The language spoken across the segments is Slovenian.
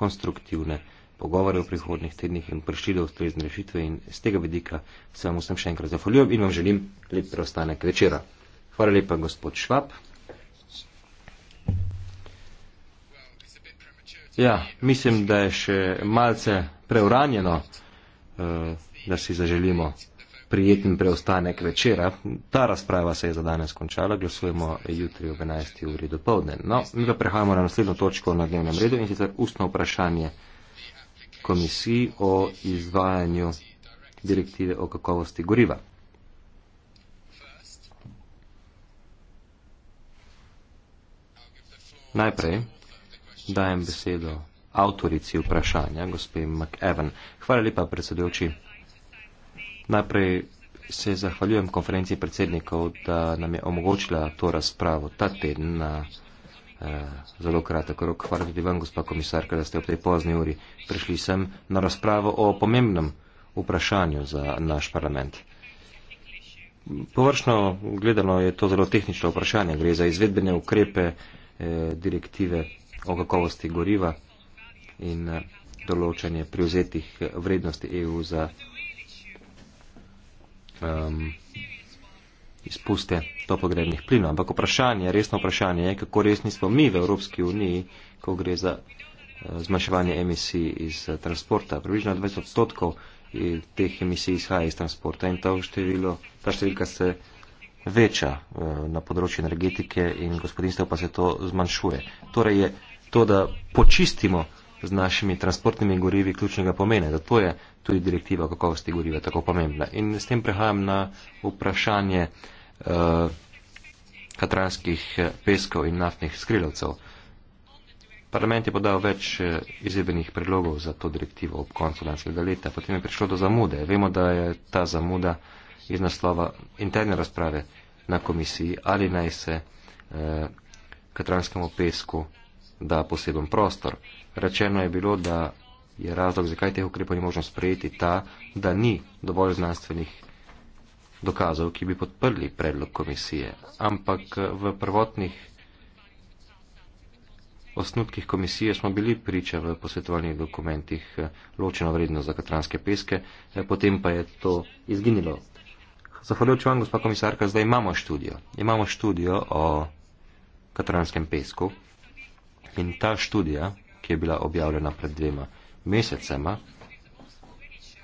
konstruktivne pogovore v prihodnih tednih in prišli do ustrezne rešitve in z tega vidika se vam vsem še enkrat zahvaljujem in vam želim lep preostanek večera. Hvala lepa, gospod Švab. Ja, mislim, da je še malce preuranjeno, eh, da si zaželimo prijeten preostanek večera. Ta razprava se je za danes končala, glasujemo jutri ob 11. uri do povdne. No, mi pa prehajamo na naslednjo točko na dnevnem redu in sicer ustno vprašanje komisiji o izvajanju direktive o kakovosti goriva. Najprej dajem besedo avtorici vprašanja, gospe McEwan. Hvala lepa, predsedujoči. Najprej se zahvaljujem konferenciji predsednikov, da nam je omogočila to razpravo ta teden na eh, zelo kratek rok. Hvala tudi vam, gospa komisarka, da ste ob tej pozni uri prišli sem na razpravo o pomembnem vprašanju za naš parlament. Površno gledano je to zelo tehnično vprašanje. Gre za izvedbene ukrepe eh, direktive o kakovosti goriva in eh, določanje prevzetih eh, vrednosti EU za um, izpuste topogrednih plinov. Ampak vprašanje, resno vprašanje je, kako resni smo mi v Evropski uniji, ko gre za uh, zmanjševanje emisij iz uh, transporta. Približno 20 odstotkov teh emisij izhaja iz transporta in ta, število, ta številka se veča uh, na področju energetike in gospodinstva pa se to zmanjšuje. Torej je to, da počistimo z našimi transportnimi gorivi ključnega pomena. Zato je tudi direktiva kakovosti goriva tako pomembna. In s tem prehajam na vprašanje uh, katranskih eh, peskov in naftnih skrilovcev. Parlament je podal več eh, izjebenih predlogov za to direktivo ob koncu lanskega leta. Potem je prišlo do zamude. Vemo, da je ta zamuda iz naslova interne razprave na komisiji, ali naj se eh, katranskemu pesku da poseben prostor. Rečeno je bilo, da je razlog, zakaj teh ukrepov ni možno sprejeti, ta, da ni dovolj znanstvenih dokazov, ki bi podprli predlog komisije. Ampak v prvotnih osnutkih komisije smo bili priča v posvetovalnih dokumentih ločeno vrednost za katranske peske, potem pa je to izginilo. Zahvaljujoč vam, gospod komisarka, zdaj imamo študijo. Imamo študijo o katranskem pesku in ta študija, ki je bila objavljena pred dvema mesecema,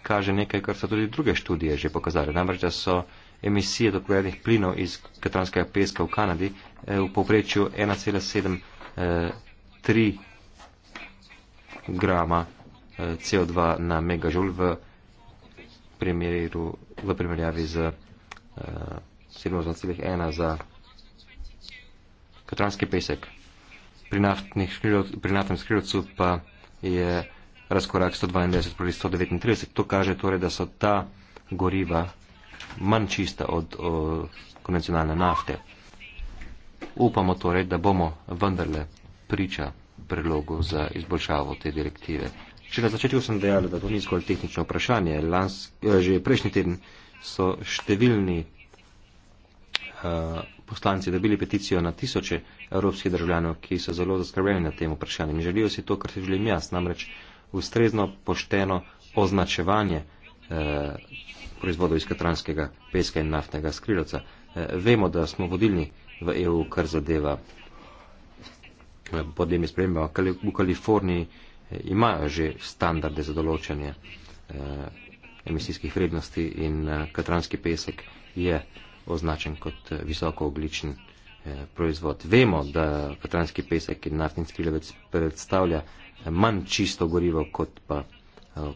kaže nekaj, kar so tudi druge študije že pokazali. Namreč, da so emisije toplogrednih plinov iz katranskega peska v Kanadi eh, v povprečju 1,73 eh, grama eh, CO2 na megažul v, primeru, v primerjavi z 7,1 za katranski pesek pri naftnem skrilcu pa je razkorak 122 proti 139. To kaže torej, da so ta goriva manj čista od o, konvencionalne nafte. Upamo torej, da bomo vendarle priča predlogu za izboljšavo te direktive. Če na začetku sem dejala, da to ni zgolj tehnično vprašanje, Lans, eh, že prejšnji teden so številni uh, poslanci dobili peticijo na tisoče evropskih državljanov, ki so zelo zaskrbljeni na tem vprašanju in želijo si to, kar si želim jaz, namreč ustrezno pošteno označevanje eh, proizvodov iz katranskega peska in naftnega skriloca. Eh, vemo, da smo vodilni v EU, kar zadeva eh, podnebne spremembe. V Kaliforniji eh, imajo že standarde za določanje eh, emisijskih vrednosti in eh, katranski pesek je. Yeah označen kot eh, visokooglični eh, proizvod. Vemo, da katranski pesek in naftni skrilovec predstavlja eh, manj čisto gorivo kot pa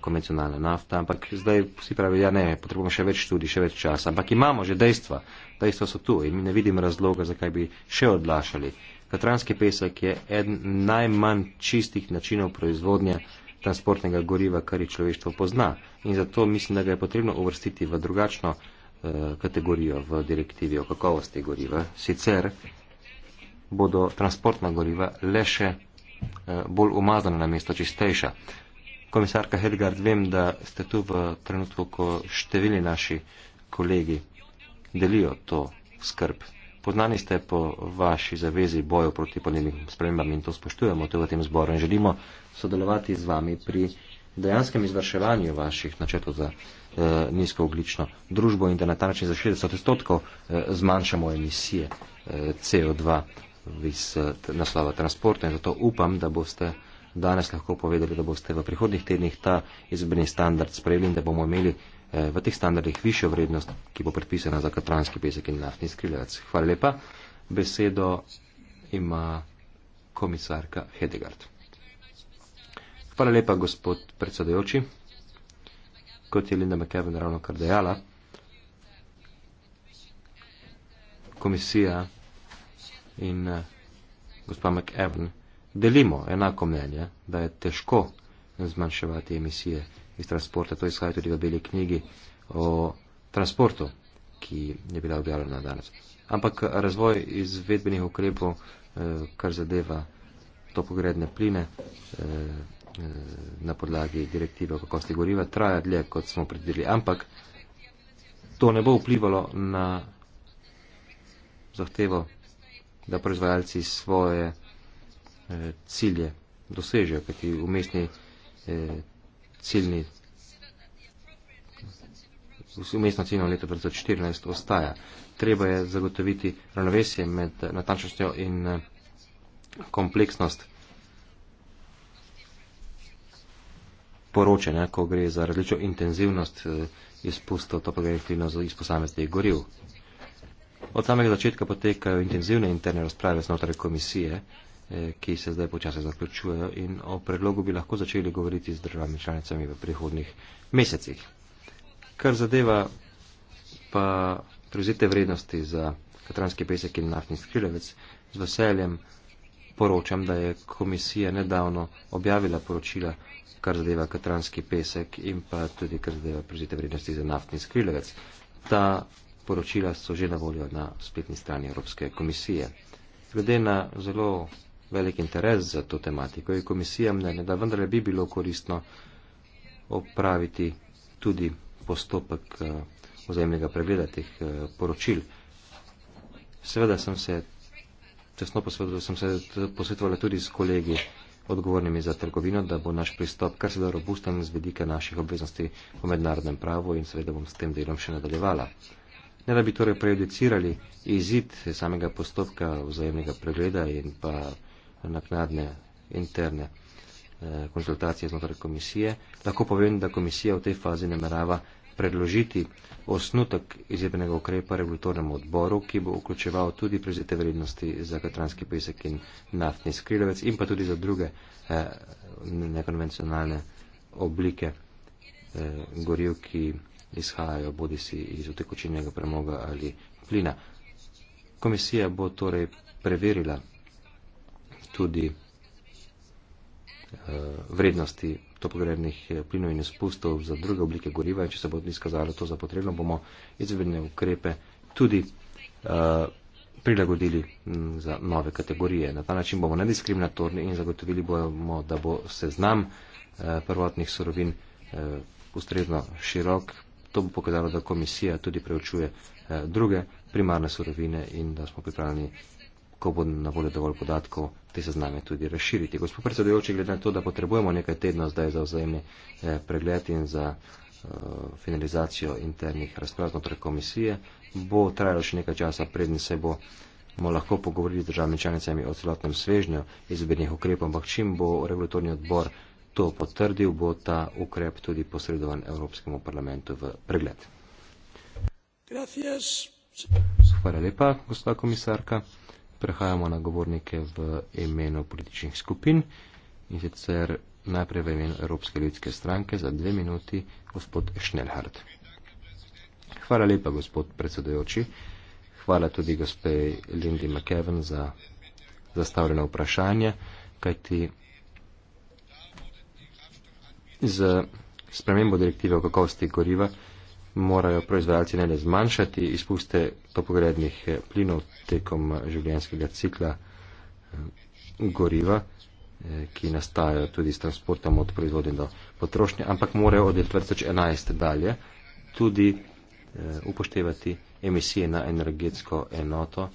konvencionalna nafta, ampak zdaj vsi pravijo, ja ne, potrebujemo še več študij, še več časa, ampak imamo že dejstva, dejstva so tu in ne vidim razloga, zakaj bi še odlašali. Katranski pesek je eden najmanj čistih načinov proizvodnja transportnega goriva, kar je človeštvo pozna in zato mislim, da ga je potrebno uvrstiti v drugačno Eh, kategorijo v direktivi o kakovosti goriva. Sicer bodo transportna goriva le še eh, bolj umazana na mesto čistejša. Komisarka Hedgard, vem, da ste tu v trenutku, ko številni naši kolegi delijo to skrb. Poznani ste po vaši zavezi boju proti podnebnim spremembam in to spoštujemo tudi v tem zboru in želimo sodelovati z vami pri dejanskem izvrševanju vaših načetov za eh, nizkooglično družbo in da na ta način za 60 odstotkov eh, zmanjšamo emisije eh, CO2 iz eh, naslova transporta. In zato upam, da boste danes lahko povedali, da boste v prihodnih tednih ta izbrni standard sprejeli in da bomo imeli eh, v teh standardih višjo vrednost, ki bo predpisana za katranski pesek in naftni skrivljac. Hvala lepa. Besedo ima komisarka Hedegard. Hvala lepa, gospod predsedajoči kot je Linda McKevin ravno kar dejala, komisija in eh, gospa McKevin delimo enako mnenje, da je težko zmanjševati emisije iz transporta. To izhaja tudi v beli knjigi o transportu, ki je bila objavljena danes. Ampak razvoj izvedbenih ukrepov, eh, kar zadeva topogredne pline, eh, na podlagi direktive o kakosti goriva traja dlje, kot smo predvideli. Ampak to ne bo vplivalo na zahtevo, da proizvajalci svoje eh, cilje dosežejo, kajti umestni eh, ciljni umestno ciljno leto 2014 ostaja. Treba je zagotoviti ravnovesje med natančnostjo in eh, kompleksnost poroče, ne, ko gre za različno intenzivnost eh, izpustov topogenih plinov iz posameznih goriv. Od samega začetka potekajo intenzivne interne razprave znotraj komisije, eh, ki se zdaj počasi zaključujejo in o predlogu bi lahko začeli govoriti z državami članicami v prihodnih mesecih. Kar zadeva pa prevzete vrednosti za katranski pesek in naftni skrilevec, z veseljem poročam, da je komisija nedavno objavila poročila, kar zadeva katranski pesek in pa tudi kar zadeva prežite vrednosti za naftni skrilec. Ta poročila so že na voljo na spletni strani Evropske komisije. Glede na zelo velik interes za to tematiko je komisija mnenja, da vendarle bi bilo koristno opraviti tudi postopek eh, vzajemnega pregleda teh eh, poročil. Seveda sem se tesno posvetoval, sem se posvetovala tudi s kolegi odgovornimi za trgovino, da bo naš pristop kar seveda robusten z vedike naših obveznosti v mednarodnem pravu in seveda bom s tem delom še nadaljevala. Ne da bi torej prejudicirali izid samega postopka vzajemnega pregleda in pa naknadne interne eh, konzultacije znotraj komisije, lahko povem, da komisija v tej fazi namerava predložiti osnutek izjednega ukrepa regulatornemu odboru, ki bo vključeval tudi prezete vrednosti za katranski pesek in naftni skrilovec in pa tudi za druge eh, nekonvencionalne oblike eh, goriv, ki izhajajo bodi si iz utekočinjega premoga ali plina. Komisija bo torej preverila tudi eh, vrednosti toplogrednih eh, plinov in izpustov za druge oblike goriva in če se bo izkazalo to za potrebno, bomo izvedne ukrepe tudi uh, prilagodili mm, za nove kategorije. Na ta način bomo nediskriminatorni in zagotovili bomo, da bo seznam eh, prvotnih surovin ustrezno širok. To bo pokazalo, da komisija tudi preučuje druge primarne surovine in da smo pripravljeni ko bo na voljo dovolj podatkov, te sezname tudi razširiti. Gospod predsedujoči, glede na to, da potrebujemo nekaj tednov zdaj za vzajemni eh, pregled in za eh, finalizacijo internih razprav znotraj komisije, bo trajalo še nekaj časa, predn se bo bomo lahko pogovorili z državnimi članicami o celotnem svežnju izbirnih ukrepov, ampak čim bo regulatorni odbor to potrdil, bo ta ukrep tudi posredovan Evropskemu parlamentu v pregled. Gracias. Hvala lepa, gospod komisarka prehajamo na govornike v imenu političnih skupin in sicer najprej v imenu Evropske ljudske stranke za dve minuti gospod Schnellhardt. Hvala lepa, gospod predsedujoči. Hvala tudi gospe Lindy McKevin za zastavljeno vprašanje, kajti z spremembo direktive o kakovosti goriva morajo proizvajalci ne le zmanjšati izpuste topogrednih eh, plinov tekom eh, življenjskega cikla eh, goriva, ki nastajajo tudi s transportom od proizvodnje do potrošnje, ampak morajo od 2011 dalje tudi upoštevati emisije na energetsko enoto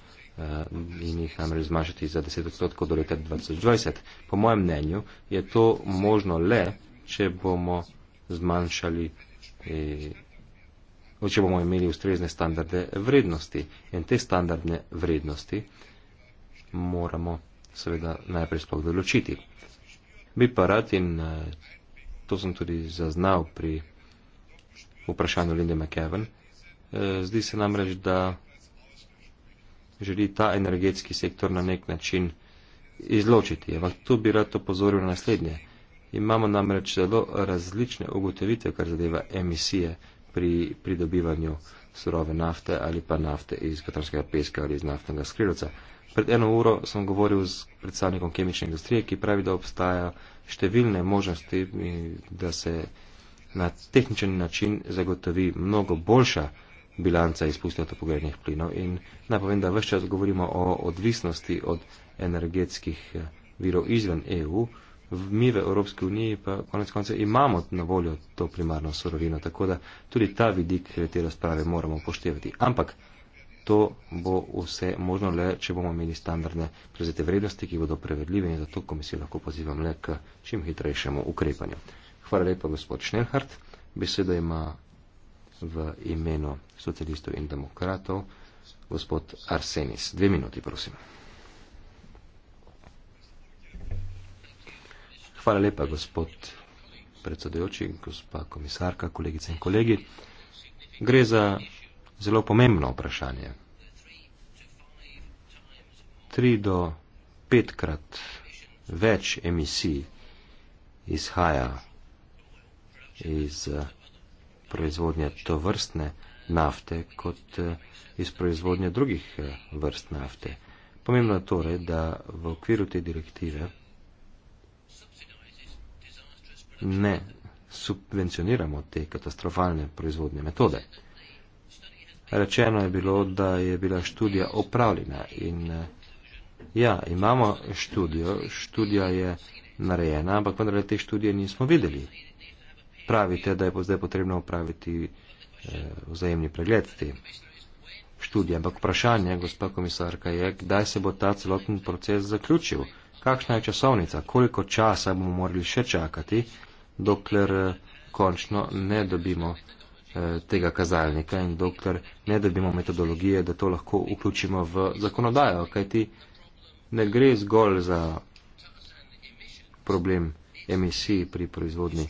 in jih namreč zmanjšati za 10 odstotkov do leta 2020. Po mojem mnenju je to možno le, če bomo zmanjšali Torej, če bomo imeli ustrezne standarde vrednosti. In te standardne vrednosti moramo seveda najprej sploh določiti. Bi pa rad in eh, to sem tudi zaznal pri vprašanju Linde McKeven, eh, zdi se namreč, da želi ta energetski sektor na nek način izločiti. Ampak tu bi rad opozoril na naslednje. Imamo namreč zelo različne ugotovitve, kar zadeva emisije pri pridobivanju surove nafte ali pa nafte iz katarskega peska ali iz naftnega skrilca. Pred eno uro sem govoril z predstavnikom kemične industrije, ki pravi, da obstaja številne možnosti, da se na tehničen način zagotovi mnogo boljša bilanca izpustov topogrednih plinov in naj povem, da vse čas govorimo o odvisnosti od energetskih eh, virov izven EU, mi v Evropski uniji pa konec konca imamo na voljo to primarno sorovino, tako da tudi ta vidik eh, te razprave moramo poštevati. Ampak to bo vse možno le, če bomo imeli standardne prezete vrednosti, ki bodo prevedljive in zato komisijo lahko pozivam le k čim hitrejšemu ukrepanju. Hvala lepa, gospod Šnelhart. Besedo ima v imenu socialistov in demokratov gospod Arsenis. Dve minuti, prosim. Hvala lepa, gospod predsedujoči, gospa komisarka, kolegice in kolegi. Gre za zelo pomembno vprašanje. Tri do petkrat več emisij izhaja iz eh, proizvodnje tovrstne nafte kot eh, iz proizvodnje drugih eh, vrst nafte. Pomembno je torej, da v okviru te direktive ne subvencioniramo te katastrofalne proizvodne metode. Rečeno je bilo, da je bila študija opravljena in eh, ja, imamo študijo, študija je narejena, ampak vendar te študije nismo videli. Pravite, da je zdaj potrebno opraviti eh, vzajemni pregled te študije, ampak vprašanje, gospa komisarka, je, kdaj se bo ta celoten proces zaključil, kakšna je časovnica, koliko časa bomo morali še čakati, dokler eh, končno ne dobimo eh, tega kazalnika in dokler ne dobimo metodologije, da to lahko vključimo v zakonodajo, kajti ne gre zgolj za problem emisij pri proizvodni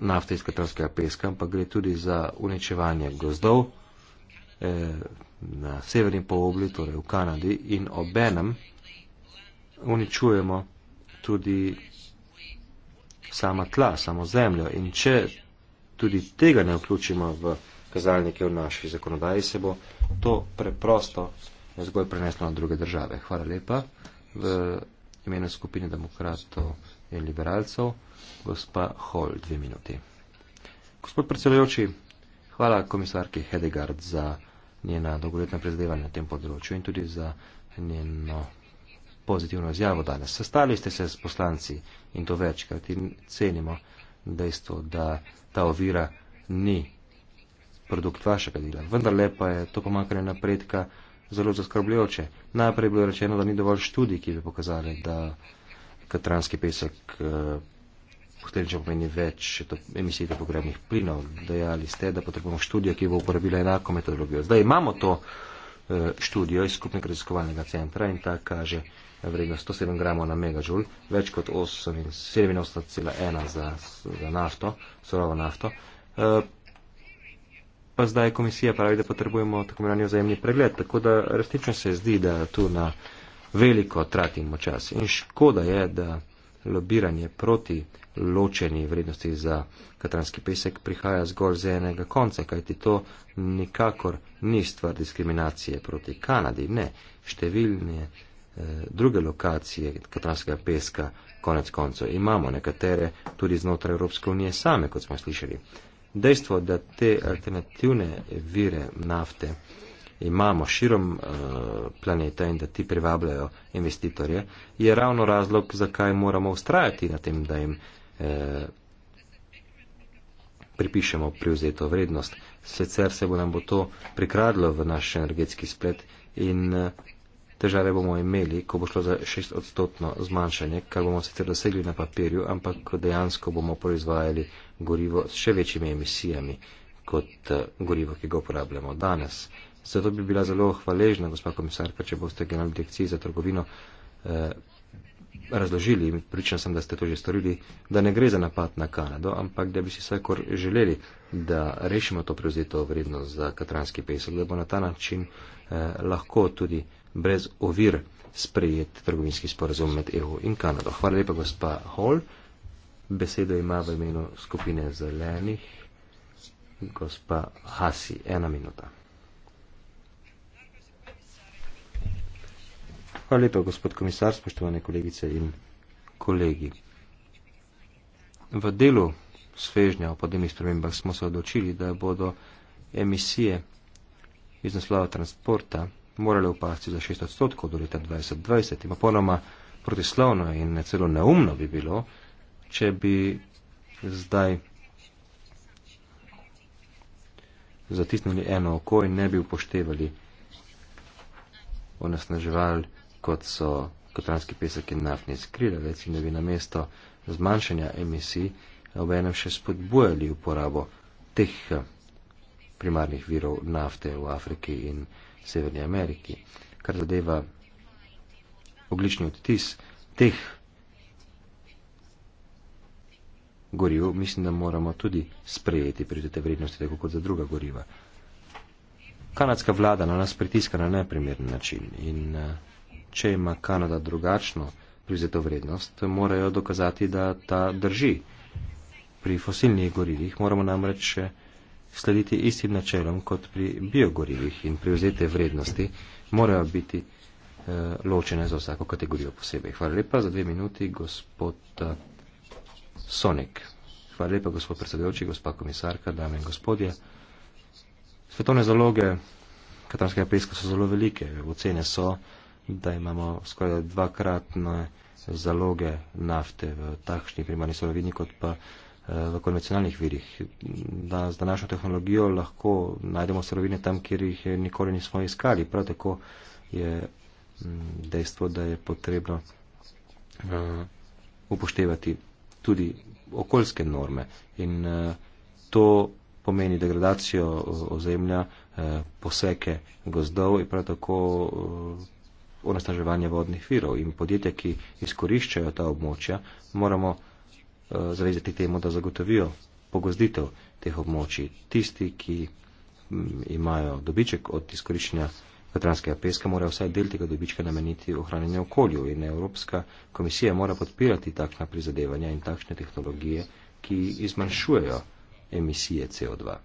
nafte iz katarskega peska, ampak gre tudi za uničevanje gozdov eh, na severnem polobli, torej v Kanadi, in obenem uničujemo tudi sama tla, samo zemljo. In če tudi tega ne vključimo v kazalnike v naši zakonodaji, se bo to preprosto zgolj preneslo na druge države. Hvala lepa. V imenu skupine demokratov in liberalcev, gospa Hol, dve minuti. Gospod predsedujoči, hvala komisarki Hedegard za njena dolgoletna prizadevanja na tem področju in tudi za njeno pozitivno izjavo danes. Sestali ste se s poslanci in to večkrat in cenimo dejstvo, da ta ovira ni produkt vašega dela. Vendar lepa je to pomankanje napredka zelo zaskrbljujoče. Najprej je bilo rečeno, da ni dovolj študij, ki bi pokazali, da katranski pesek eh, posledično pomeni več to, emisij topogrebnih plinov. Dejali ste, da potrebujemo študijo, ki bo uporabila enako metodologijo. Zdaj imamo to eh, študijo iz skupnega raziskovalnega centra in ta kaže, vrednost 107 gramov na megažul, več kot 87,1 za, za nafto, surovo nafto. E, pa zdaj komisija pravi, da potrebujemo tako imenovani vzajemni pregled, tako da resnično se zdi, da tu na veliko tratimo čas. In škoda je, da lobiranje proti ločeni vrednosti za katranski pesek prihaja zgolj z enega konca, kajti to nikakor ni stvar diskriminacije proti Kanadi, ne. Številne druge lokacije katarskega peska, konec konco imamo nekatere tudi znotraj Evropske unije same, kot smo slišali. Dejstvo, da te alternativne vire nafte imamo širom eh, planeta in da ti privabljajo investitorje, je ravno razlog, zakaj moramo ustrajati na tem, da jim eh, pripišemo privzeto vrednost. Sicer se bo nam bo to prikradlo v naš energetski splet in eh, Težave bomo imeli, ko bo šlo za šest odstotno zmanjšanje, kar bomo sicer dosegli na papirju, ampak dejansko bomo proizvajali gorivo s še večjimi emisijami kot eh, gorivo, ki ga uporabljamo danes. Zato bi bila zelo hvaležna, gospod komisarka, če boste generalni direkciji za trgovino eh, razložili, pričan sem, da ste to že storili, da ne gre za napad na Kanado, ampak da bi si vsakor želeli, da rešimo to prevzeto vrednost za katranski pesek, da bo na ta način eh, lahko tudi eh, brez ovir sprejet trgovinski sporazum med EU in Kanado. Hvala lepa, gospa Hall. Besedo ima v imenu skupine zelenih gospa Hasi. Ena minuta. Hvala lepa, gospod komisar, spoštovane kolegice in kolegi. V delu svežnja o podnebnih spremembah smo se odločili, da bodo emisije iz naslova transporta morale upasti za 6 odstotkov do leta 2020. In ponoma protislovno in celo neumno bi bilo, če bi zdaj zatisnili eno oko in ne bi upoštevali onesnaževal, kot so kotranski pesek in naftni skrilavec in da bi na mesto zmanjšanja emisij obenem še spodbujali uporabo teh eh, primarnih virov nafte v Afriki in Afriki. Severni Ameriki. Kar zadeva oglični odtis teh goriv, mislim, da moramo tudi sprejeti pri te vrednosti, tako kot za druga goriva. Kanadska vlada na nas pritiska na neprimeren način in eh, če ima Kanada drugačno prizeto vrednost, morajo dokazati, da ta drži. Pri fosilnih gorivih moramo namreč še eh, slediti istim načelom kot pri biogorivih in prevzete vrednosti morajo biti eh, ločene za vsako kategorijo posebej. Hvala lepa za dve minuti, gospod eh, Sonek. Hvala lepa, gospod predsedujoči, gospa komisarka, dame in gospodje. Svetovne zaloge katarskega pliska so zelo velike. Ocene so, da imamo skoraj dvakratne zaloge nafte v takšni primarni sorovini kot pa Eh, v konvencionalnih virih. Da, z današnjo tehnologijo lahko najdemo sorovine tam, kjer jih nikoli nismo iskali. Prav tako je mm, dejstvo, da je potrebno eh, upoštevati tudi okoljske norme. In eh, to pomeni degradacijo ozemlja, poseke gozdov in prav tako onesnaževanje vodnih virov. In podjetja, ki izkoriščajo ta območja, moramo Eh, zavezati temu, da zagotovijo pogozditev teh območij. Tisti, ki mm, imajo dobiček od izkoriščenja vetranskega peska, morajo vsaj del tega dobička nameniti ohranjanju okolju in Evropska komisija mora podpirati takšna prizadevanja in takšne tehnologije, ki izmanjšujejo emisije CO2.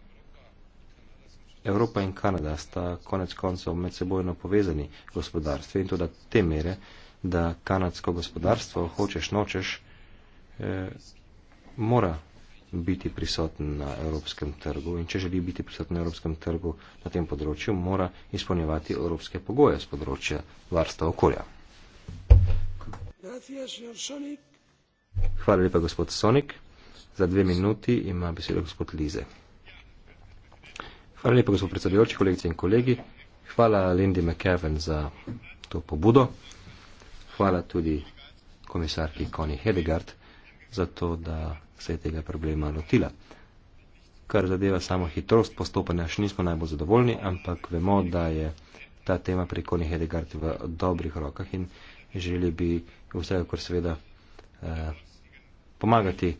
Evropa in Kanada sta konec koncev med sebojno povezani gospodarstvo in tudi te mere, da kanadsko gospodarstvo hočeš nočeš, eh, mora biti prisoten na evropskem trgu in če želi biti prisoten na evropskem trgu na tem področju, mora izpolnjevati evropske pogoje z področja varstva okolja. Hvala lepa, gospod Sonik. Za dve minuti ima besedo gospod Lize. Hvala lepa, gospod predsedujoči, kolegice in kolegi. Hvala Lindy McKeven za to pobudo. Hvala tudi komisarki Connie Hedegard zato da se je tega problema lotila. Kar zadeva samo hitrost postopanja, še nismo najbolj zadovoljni, ampak vemo, da je ta tema pri Koni Hedegard v dobrih rokah in želeli bi vse, kar seveda eh, pomagati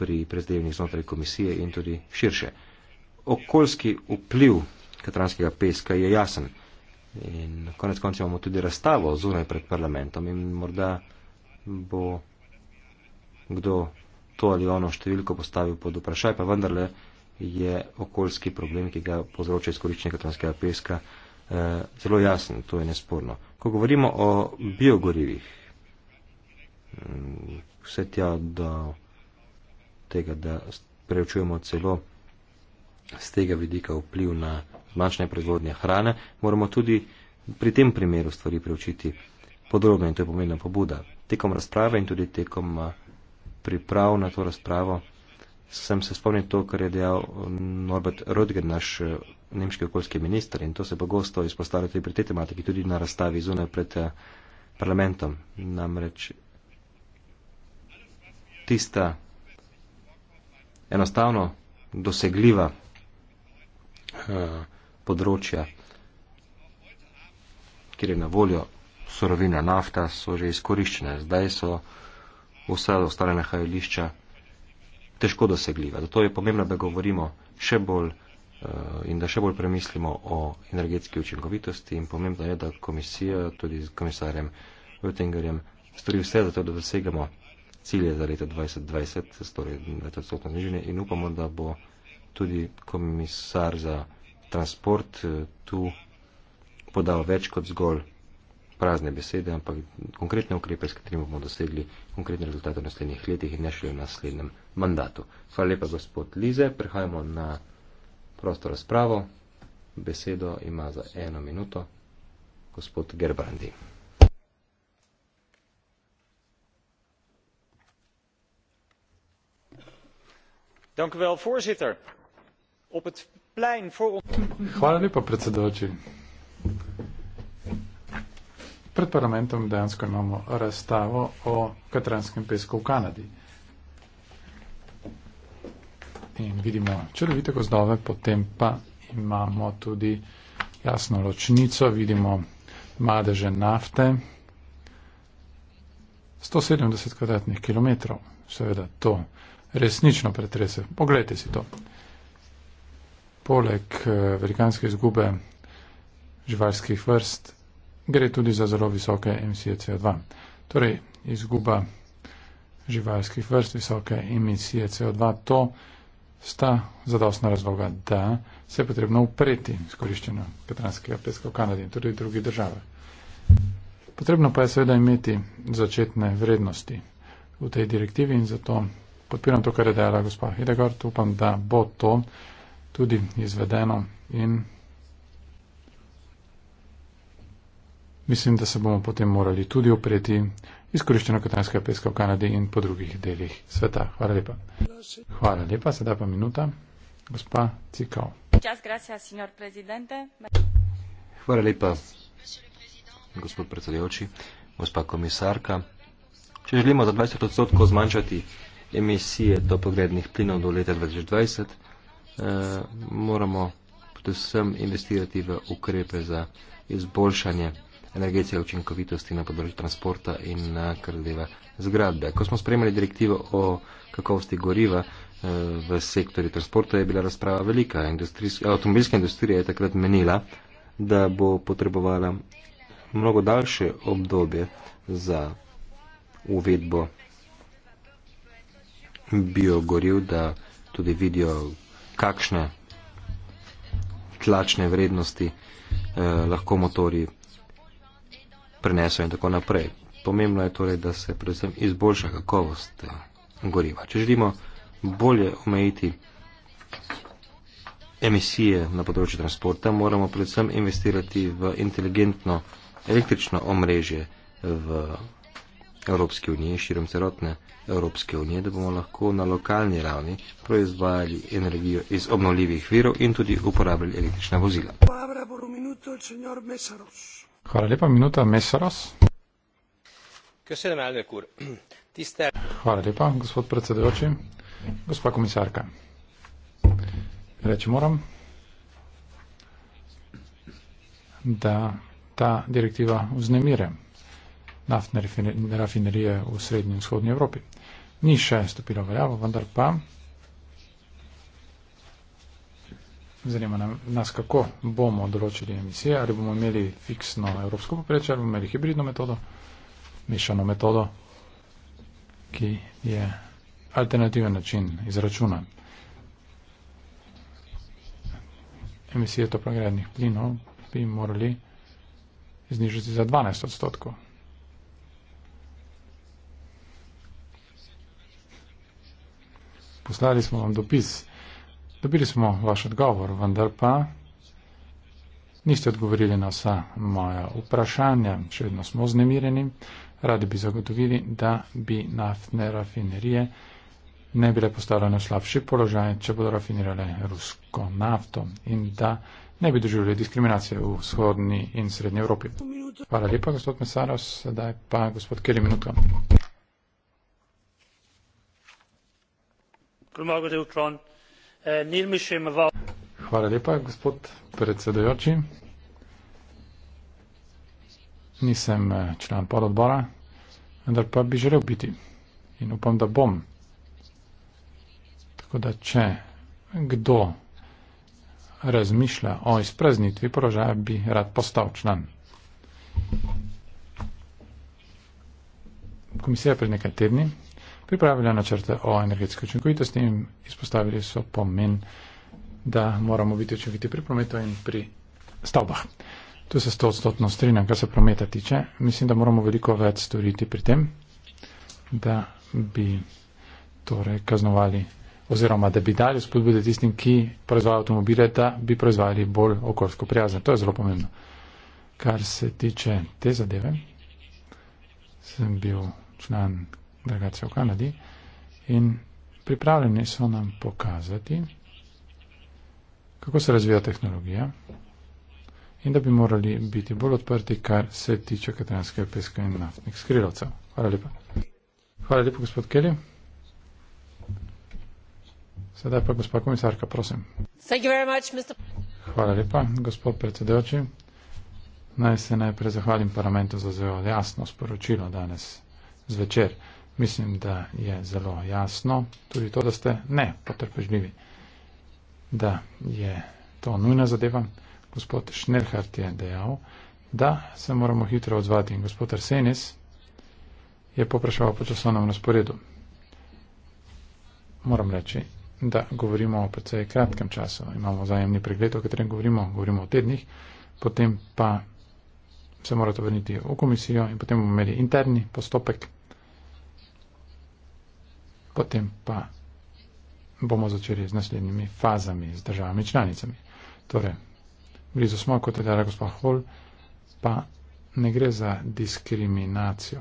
pri prezdevnih znotraj komisije in tudi širše. Okoljski vpliv katranskega peska je jasen in konec konca imamo tudi razstavo zunaj pred parlamentom in morda bo kdo to ali ono številko postavil pod vprašaj, pa vendarle je okoljski problem, ki ga povzroča izkoriščenje katranskega peska, eh, zelo jasen, to je nesporno. Ko govorimo o biogorivih, mm, vse tja do tega, da preučujemo celo z tega vidika vpliv na zmanjšanje proizvodnje hrane, moramo tudi pri tem primeru stvari preučiti podrobno in to je pomembna pobuda. Tekom razprave in tudi tekom uh, priprav na to razpravo, sem se spomnil to, kar je dejal Norbert Rodger, naš eh, nemški okoljski minister in to se pogosto izpostavlja tudi pri tej tematiki, tudi na razstavi zunaj pred eh, parlamentom. Namreč tista enostavno dosegljiva eh, področja, kjer je na voljo surovina nafta, so že izkoriščene. Zdaj so vse ostale nahajališča težko dosegljiva. Zato je pomembno, da govorimo še bolj eh, in da še bolj premislimo o energetski učinkovitosti in pomembno je, da komisija tudi z komisarjem Vötingerjem stori vse za to, da dosegamo cilje za leto 2020, torej 20-stotno nižanje in upamo, da bo tudi komisar za transport eh, tu podal več kot zgolj prazne besede, ampak konkretne ukrepe, s katerimi bomo dosegli konkretne rezultate v naslednjih letih in ne šele v naslednjem mandatu. Hvala lepa, gospod Lize. Prehajamo na prosto razpravo. Besedo ima za eno minuto gospod Gerbrandi. Dank u wel, voorzitter. Op het plein voor ons. Hvala lepa, predsedujoči. Pred parlamentom dejansko imamo razstavo o katranskem pesku v Kanadi. In vidimo črvite gozdove, potem pa imamo tudi jasno ločnico, vidimo madeže nafte. 170 kvadratnih kilometrov, seveda to resnično pretrese. Poglejte si to. Poleg eh, velikanske izgube živalskih vrst gre tudi za zelo visoke emisije CO2. Torej, izguba živalskih vrst visoke emisije CO2, to sta zadostna razloga, da se je potrebno upreti izkoriščeno petranskega peska v Kanadi in tudi v drugih državah. Potrebno pa je seveda imeti začetne vrednosti v tej direktivi in zato podpiram to, kar je dejala gospod Hidegard. Upam, da bo to tudi izvedeno in mislim, da se bomo potem morali tudi opreti izkoriščeno katanskega peska v Kanadi in po drugih delih sveta. Hvala lepa. Hvala lepa, sedaj pa minuta. Gospa Cikao. Hvala lepa, gospod predsedujoči, gospa komisarka. Če želimo za 20 odstotkov zmanjšati emisije topogrednih plinov do leta 2020, eh, moramo predvsem investirati v ukrepe za izboljšanje energetske učinkovitosti na področju transporta in na kar deva zgradbe. Ko smo spremljali direktivo o kakovosti goriva eh, v sektorju transporta, je bila razprava velika. Avtomobilska industrija je takrat menila, da bo potrebovala mnogo daljše obdobje za uvedbo biogoriv, da tudi vidijo, kakšne tlačne vrednosti eh, lahko motori prenesel in tako naprej. Pomembno je torej, da se predvsem izboljša kakovost eh, goriva. Če želimo bolje omejiti emisije na področju transporta, moramo predvsem investirati v inteligentno električno omrežje v Evropske unije, širom celotne Evropske unije, da bomo lahko na lokalni ravni proizvajali energijo iz obnovljivih virov in tudi uporabljali električna vozila. Pabra, por un minuto, el señor Hvala lepa, minuta Mesaros. Köszönöm, elnök úr. Tisztelt... Hvala lepa, gospod predsedujoči. Gospa komisarka. Reči moram, da ta direktiva vznemire naftne rafinerije v srednji in vzhodnji Evropi. Ni še stopila veljavo, vendar pa oziroma nas kako bomo določili emisije, ali bomo imeli fiksno evropsko poprečje, ali bomo imeli hibridno metodo, mešano metodo, ki je alternativen način izračuna emisije toplogrednih plinov, bi morali znižiti za 12 odstotkov. Poslali smo vam dopis. Dobili smo vaš odgovor, vendar pa niste odgovorili na vsa moja vprašanja. Še vedno smo znemireni. Radi bi zagotovili, da bi naftne rafinerije ne bile postavljene v slabši položaj, če bodo rafinirale rusko nafto in da ne bi doživljali diskriminacije v vzhodni in srednji Evropi. Hvala lepa, gospod Mesaros. Sedaj pa gospod Keli minuto. Premagate v tron. Hvala lepa, gospod predsedojoči. Nisem eh, član pododbora, vendar pa bi želel biti in upam, da bom. Tako da, če kdo razmišlja o izpreznitvi porožaja, bi rad postal član. Komisija pred nekaj tedni pripravila načrte o energetski učinkovitosti in izpostavili so pomen, da moramo biti učinkoviti pri prometu in pri stavbah. Tu se sto odstotno strinjam, kar se prometa tiče. Mislim, da moramo veliko več storiti pri tem, da bi torej kaznovali oziroma da bi dali spodbude tistim, ki proizvajajo avtomobile, da bi proizvajali bolj okoljsko prijazne. To je zelo pomembno. Kar se tiče te zadeve, sem bil član dragacijo v Kanadi, in pripravljeni so nam pokazati, kako se razvija tehnologija in da bi morali biti bolj odprti, kar se tiče katanskega peska in naftnih skrilovcev. Hvala lepa. Hvala lepa, gospod Kelly. Sedaj pa gospod komisarka, prosim. Much, Mr... Hvala lepa, gospod predsedoči. Naj se najprej zahvalim parlamentu za zelo jasno sporočilo danes zvečer. Mislim, da je zelo jasno tudi to, da ste ne potrpežljivi, da je to nujna zadeva. Gospod Šnerhart je dejal, da se moramo hitro odzvati in gospod Arsenis je popraševal po časovnem razporedu. Moram reči, da govorimo o precej kratkem času. Imamo zajemni pregled, o katerem govorimo, govorimo o tednih, potem pa se morate vrniti v komisijo in potem bomo imeli interni postopek potem pa bomo začeli z naslednjimi fazami, z državami članicami. Torej, blizu smo, kot je dala gospod Hol, pa ne gre za diskriminacijo.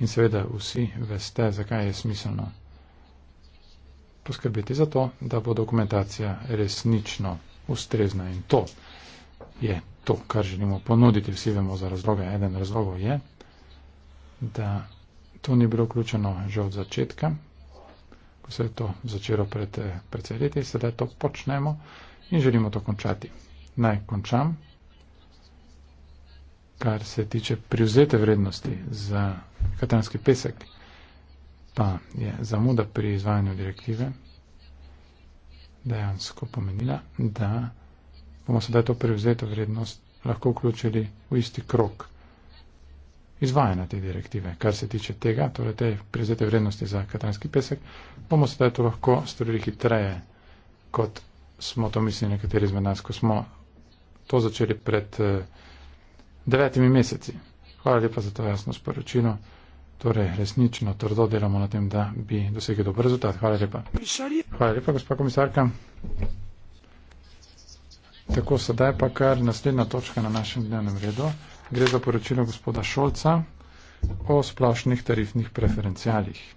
In seveda vsi veste, zakaj je smiselno poskrbeti za to, da bo dokumentacija resnično ustrezna in to je to, kar želimo ponuditi. Vsi vemo za razloga. Eden razlogov je, da to ni bilo vključeno že od začetka, ko se je to začelo pred eh, predsedeti, sedaj to počnemo in želimo to končati. Naj končam, kar se tiče privzete vrednosti za katanski pesek, pa je zamuda pri izvajanju direktive dejansko pomenila, da bomo sedaj to privzeto vrednost lahko vključili v isti krok izvajanja te direktive. Kar se tiče tega, torej te prezete vrednosti za katranski pesek, bomo sedaj to lahko storili hitreje, kot smo to mislili nekateri izmed nas, ko smo to začeli pred eh, devetimi meseci. Hvala lepa za to jasno sporočilo. Torej, resnično trdo delamo na tem, da bi dosegli dober rezultat. Hvala lepa. Hvala lepa, gospa komisarka. Tako, sedaj pa kar naslednja točka na našem dnevnem redu gre za poročilo gospoda Šolca o splošnih tarifnih preferencialih.